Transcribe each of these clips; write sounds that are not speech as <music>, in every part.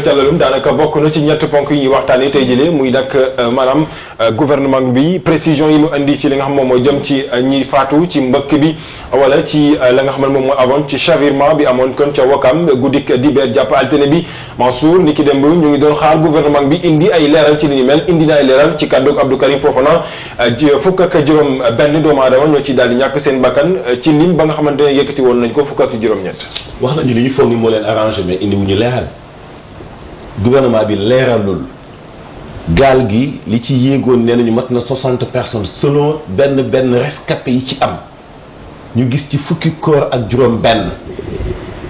ca tàllalum daanaka bokk na ci ñett ponk yi ñuy waxtaanee tey jëlee muy nag euh, maanaam euh, gouvernement bi précision yi mu indi ci li nga xam moom moo jëm ci euh, ñi faatu ci mbëkk bi wala ci la nga xam ne moom mooy amoon ci chavirement bi amoon kon ca Wakam guddik dibeer jàpp altine bi Mansour ni dem démb ñu ngi doon xaar gouvernement bi indi ay leeral ci li ñu mel indi na ay leeral ci kàddu Abdou Karim Fofana fukk ak juróom benn doomu aadama ñoo ci daal di ñàkk seen bakkan ci lim ba nga xamante woon nañ ko fukk ak juróom-ñett wax leen arrangé mais indi wu gouvernement bi leeralul gaal gi li ci yéegoon nee nañu mat na 60 personne selon benn benn rescapé yi ci am ñu gis ci fukki koor ak juróom benn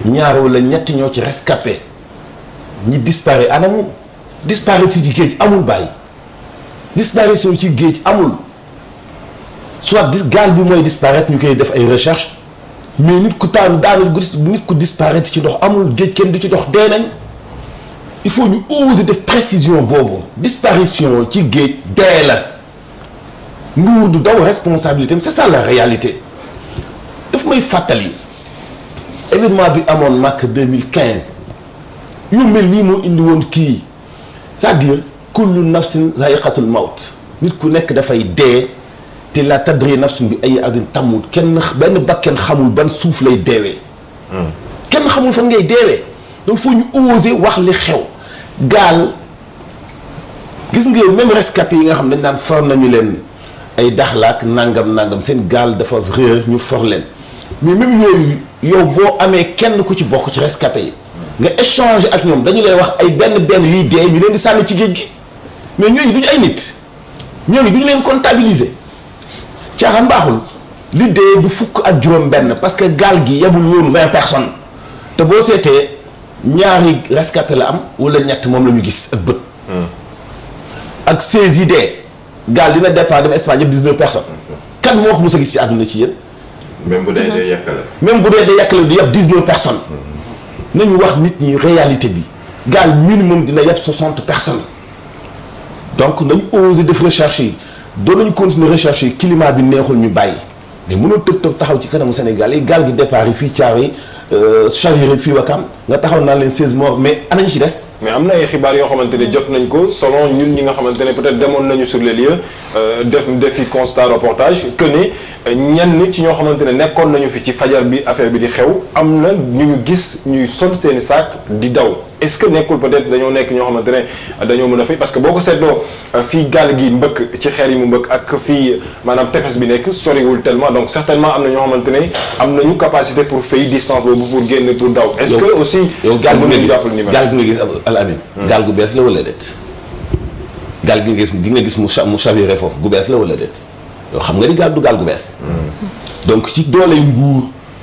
ñaar wala ñetti ñoo ci rescapé ñi disparaît anamu disparaître ci géej amul bàyyi disparition ci géej amul soit dis gaal bi mooy disparaître ñu koy def ay recherche mais nit ku taanu daanu nit ku disparaître ci ndox amul géej kenn du ci dox dee nañ il faut nous oser des précision bobo disparition qui géej dee nous nous nos responsabilités responsabilité c'est ça la réalité daf may fàttali événement bi Amon Mac 2015 nous mel nii moo indi c'est-à-dire kullu nafsin zaiqatul maut nit ku nekk dafay dee de la tadri nafsin bi ay adin tamut kenn ben bakken xamul ban suuf lay deewee hmm. kenn xamul fan ngay deewee donc faut ñu oser wax li xew gal gis nga même rescapés yi nga xam dañ naan for nañu leen ay daxlaak nangam nangam seen gal dafa réer ñu for leen mais même yooyu yow boo amee kenn ku ci bokk ci rescapé yi nga échanger ak ñoom dañu lay wax ay benn benn yuy dee ñu leen di sànni ci géej gi mais ñooñu duñu ay nit ñooñu duñu leen comptabiliser caaxaan baaxul li dee du fukk ak juróom benn parce que gal gi yebul woon vingt personnes te boo seetee ñaari rescapé la am wala ñett mom lañu gis ak ak idées il dina départ Espagne personnes. kan nous ko gis ci aduna ci yeen même bu même bu personnes. nañu wax nit réalité bi. minimum dina 60 personnes. donc nous oser def rechercher. do nañu continuer rechercher. climat bi neexul ñu mais nous avons taxaw ci le Sénégal gal départ euh, chargé rek fii Wakam nga taxaw naan len 16 morts mais anañ ci dess mais amna ay xibaar yo xamantene ne jot nañ ko selon ñun ñi nga xamantene peut-être demone nañu sur les lieux euh, def defi constat reportage que ne euh, ñenn ci ñoo xamantene nekkon nañu fi ci fajar bi affaire bi di xew amna ñu ñu gis ñuy sol seeni sac di daw est-ce que nekkul peut-être dañu nek ño xamantene dañu mëna mën fay parce que boko ko euh, fi gal gaal gi mbëkk ci xéer yi mu mbëkk ak fi manam tefes bi nek sori wul tellement donc certainement amna ño xamantene amna ñu capacité pour fay distance boobu pour génn pour daw. est-ce que aussi. gal gu nga gis gal gu nga gis Alamine. Hmm. gaal gu bees la wala det gal gi nga gis gi nga gis mu cha mu chaviré foofu gu bees la wala det yo xam nga ni gal du gal gu bees. Hmm. donc ci doley nguur.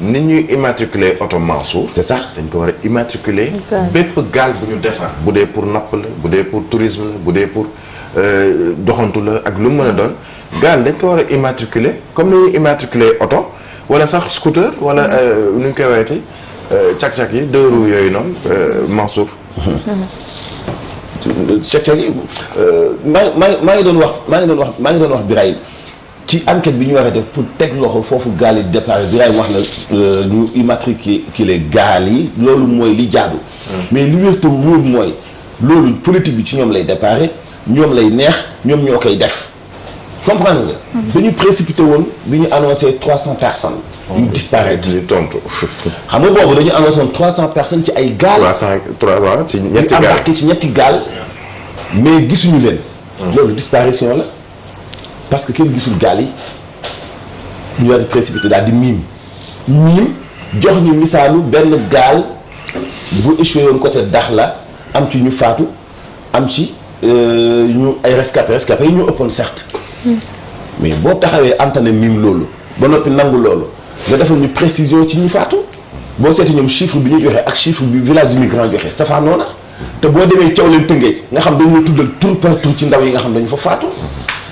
Les immatriculer auto Mansour. c'est ça dañ ko wara immatriculer. vous bu defar. pour Naples, la pour tourisme la pour euh, doxantu la ak lu don ko comme immatriculer wala sax scooter wala mm-hmm. euh, ñu euh, deux roues Mansour. tchak mm-hmm ci enquête bi ñu def pour teg fofu foofu gaal yi départ bi ay wax la euh, ñu immatriculé les gali lolu moy li jadu hmm. mais li wér mur moy lolu politique bi ci ñom lay départ ñom lay neex ñom ñokay def comprendre nga. Hmm. dañu précipité won biñu annoncer 300 trois cent personnes. Oh, yu disparaître di tontu. <laughs> xam nga boobu dañu annoncé woon personnes ci ay gaal. 300 300 ci ñetti gal mais gisunu len hmm. lolu disparition la parce que kenn gisul des yi ñu daal di précipité des di mimes miim jox ñu le gal, bu côté Dakhla am ci ñu faatu am ci euh, ñu ay certes hmm. mais si vous antenne mime loolu ba vous avez loolu précision ci ñu faatu si vous avez chiffre bi un chiffre bi village du migrant joxe fait un te Tu as besoin leen tëngeej nga xam dañu la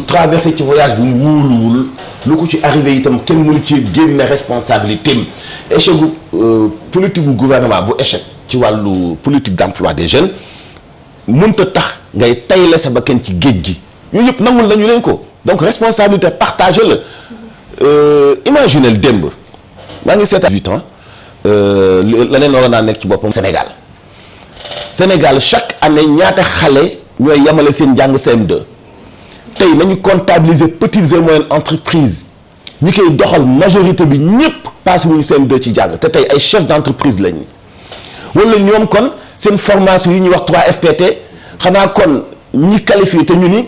traverser ce voyage bu mu wóoluwul ci arrivé itam responsabilité euh, politique gouvernement bu échec ci politique d'emploi des jeunes tax donc responsabilité partagée euh, imaginez ngi 8 ans euh, ci Sénégal Sénégal chaque année ñaata xalé 2 tay nañu comptabiliser petites et moyennes entreprises ñi koy doxal majorité bi ñepp passe wuñu seen deux ci jàng te tey ay chef d'entreprise lañu wala ñoom kon seen formation yi ñuy wax 3FPT xanaa kon ñi qualifié te ñu ni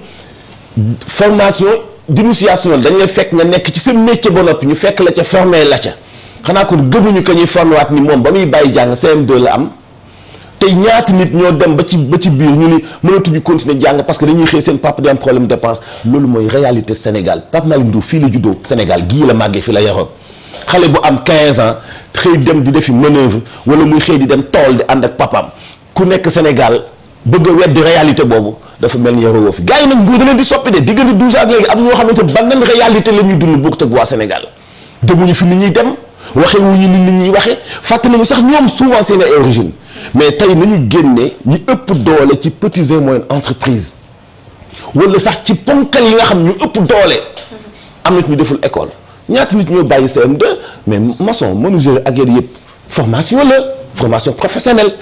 formation d'initiation dañ lay fekk nga nekk ci sa métier ba noppi ñu fekk la ca formé la ca xanaa kon gëmuñu que ñuy formé waat ni moom ba muy bàyyi jàng CM2 la am. tey ñaata nit ñoo dem ba ci ba ci biir ñu ni mënatuñu continuer jàng parce que dañuy xëy seen papa di am problème dépense loolu mooy réalité Sénégal Pape Malick Ndour fii la xale bu am 15 ans xëy dem di defi manœuvre wala muy xëy di dem tool di ànd ak ku nekk Sénégal bëgg a boobu dafa mel ni yaroo fi gars yi nag nguur da xamante beneen réalité la ñuy dund bokkut ak waa Sénégal fi nit ñuy dem waxee wuñu nit ñuy waxe fàtte nañu sax ñoom souvent seen ay origine mais tay ñu génne ñu ëpp doolé ci petites et moyennes entreprises wala sax ci ponkal yi nga xam ñu ëpp doolé am ñu deful école ñaat nit ñoo CM2 mais formation la formation professionnelle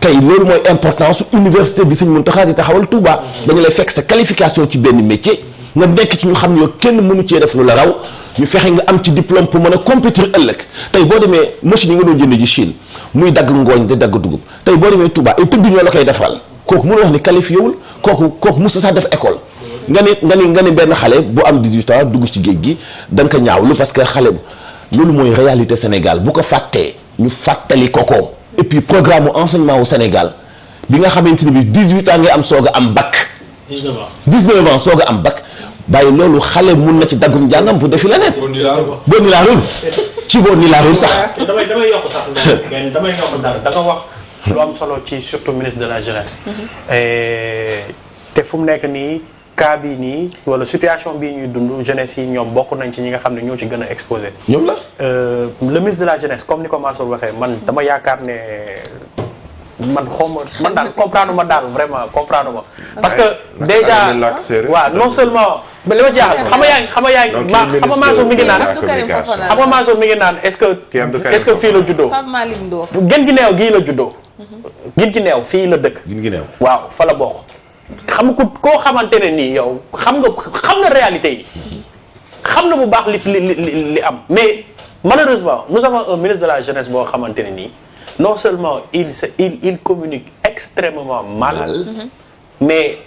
tay lool moy importance université bi taxawal Touba lay sa qualification ci métier nga nekk ci ñu xam yoo kenn mënu cee def lu la raw ñu fexe nga am ci diplôme pour mën a compétir ëllëg tey boo demee machine yi nga ji Chine muy dagg ngooñ dagg dugub tey boo Touba ay tëgg ñoo la koy defal kooku mënu wax ni qualifié wul kooku kooku sax def école nga ni nga ni nga benn bu am 18 ans dugg ci géej da nga ko ñaawlu parce que xale loolu mooy réalité Sénégal bu ko fàttee ñu fàttali ko et puis programme enseignement au Sénégal bi nga xamante 18 ans ngay am soog am bac 19 ans 19 ans soog am bac bàyyi loolu xale mun na ci daggum jàngam bu defi leneen. boo ni laarul ci boo ni sax. <laughs> damay damay yokk dara da wax. lu am solo ci surtout ministre de la jeunesse. Mhm. Eh, te fu mu nekk nii cas bii nii wala situation bii ñuy dundu jeunesse yi ñoom bokk nañ ci ñi nga xam ne ñoo ci gën a exposé. ñoom la. Euh, le ministre de la jeunesse comme ni ko Mansour waxee man dama yaakaar ne. man xaw ma man daal comprendre ma daal vraiment comprendre ma. parce que déjà waaw non seulement. mais li ma jaaxal xam nga yaa ngi xam nga yaa ngi ma xam nga Mansour mi ngi naan xam nga Mansour mi ngi est est fii la juddoo. gën gi neew gii la juddoo. gin gi neew fii la dëkk. gin gi neew waaw fa la bokk. xam nga koo xamante ne nii yow xam nga xam na réalité yi. xam na bu baax li li li am mais malheureusement nous avons un ministre de la jeunesse boo xamante ne nii. non seulement il, se, il, il communique extrêmement mal, mal. Mm-hmm. mais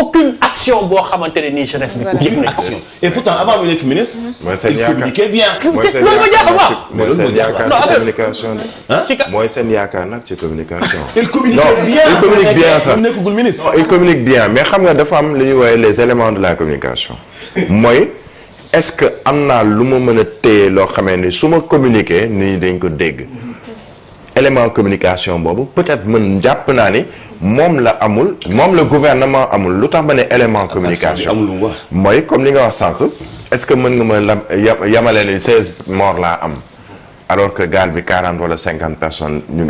aucune action boo xamante ne nii jeunesse bi. aucune action et pourtant avant de nekk ministre. Mm-hmm. mooy bien. yaakaar il communiquait bien. mooy dire yaakaar ci communication de. Hein? mooy seen yaakaar nag ci communication. <laughs> il communique bien il communique bien sax. nekkagul il communique bien mais xam nga dafa am lu ñuy les éléments de la communication. Moi, est-ce que am naa lu ma mën a téye loo xamee ni su ma communiquer nit ko dégg élément communication peut-être mën jàpp naa ni la amul moom le gouvernement amul un tax élément communication mooy comme li nga wax est-ce que mën nga ma 16 morts laa am alors que gaal bi 40 ou 50 personnes ñu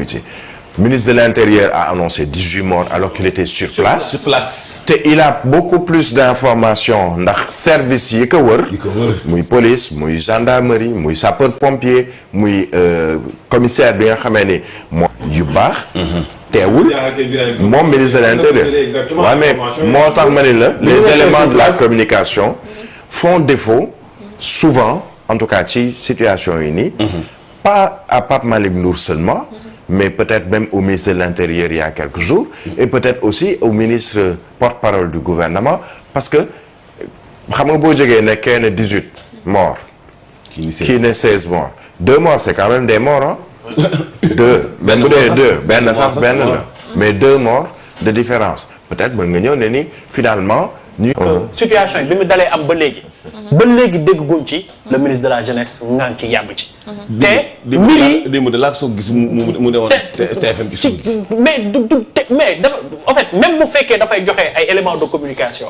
ministre de l'Intérieur a annoncé 18 morts alors qu'il était sur, place. Sur il a beaucoup plus d'informations dans les services qui La police, la gendarmerie, mouille sapeur-pompier, pompiers, euh, commissaire bien ramené, moi, Yubar. où ministre de l'intérieur mais moi, les éléments de la communication font défaut souvent en tout cas ci situation unique, pas à part Malik seulement mais peut-être même au ministre de l'Intérieur il y a quelques jours, et peut-être aussi au ministre porte-parole du gouvernement, parce que il y qu'un 18 morts, qui sont 16 morts. Deux morts, c'est quand même des morts, hein? deux, <laughs> ben, deux, ben, ben, mais deux morts de différence. Peut-être que finalement, ñu situation yi bi mu dalee am ba légui ba légui dégg guñ ci. le ministre de la jeunesse ngaan ci yàbb ci. te mbir yi démb de laa soo gis mu mu ne TFM ci mais mais en fait même bu da fay joxé ay éléments de communication.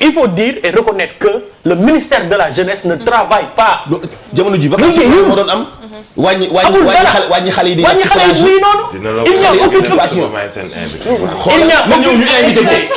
il faut dire et reconnaître que le ministère de la jeunesse ne travaille pas. jamono ji vacances moo doon am. wàññi wàññi wàññi di. il n'y a aucune option il n'y a aucune option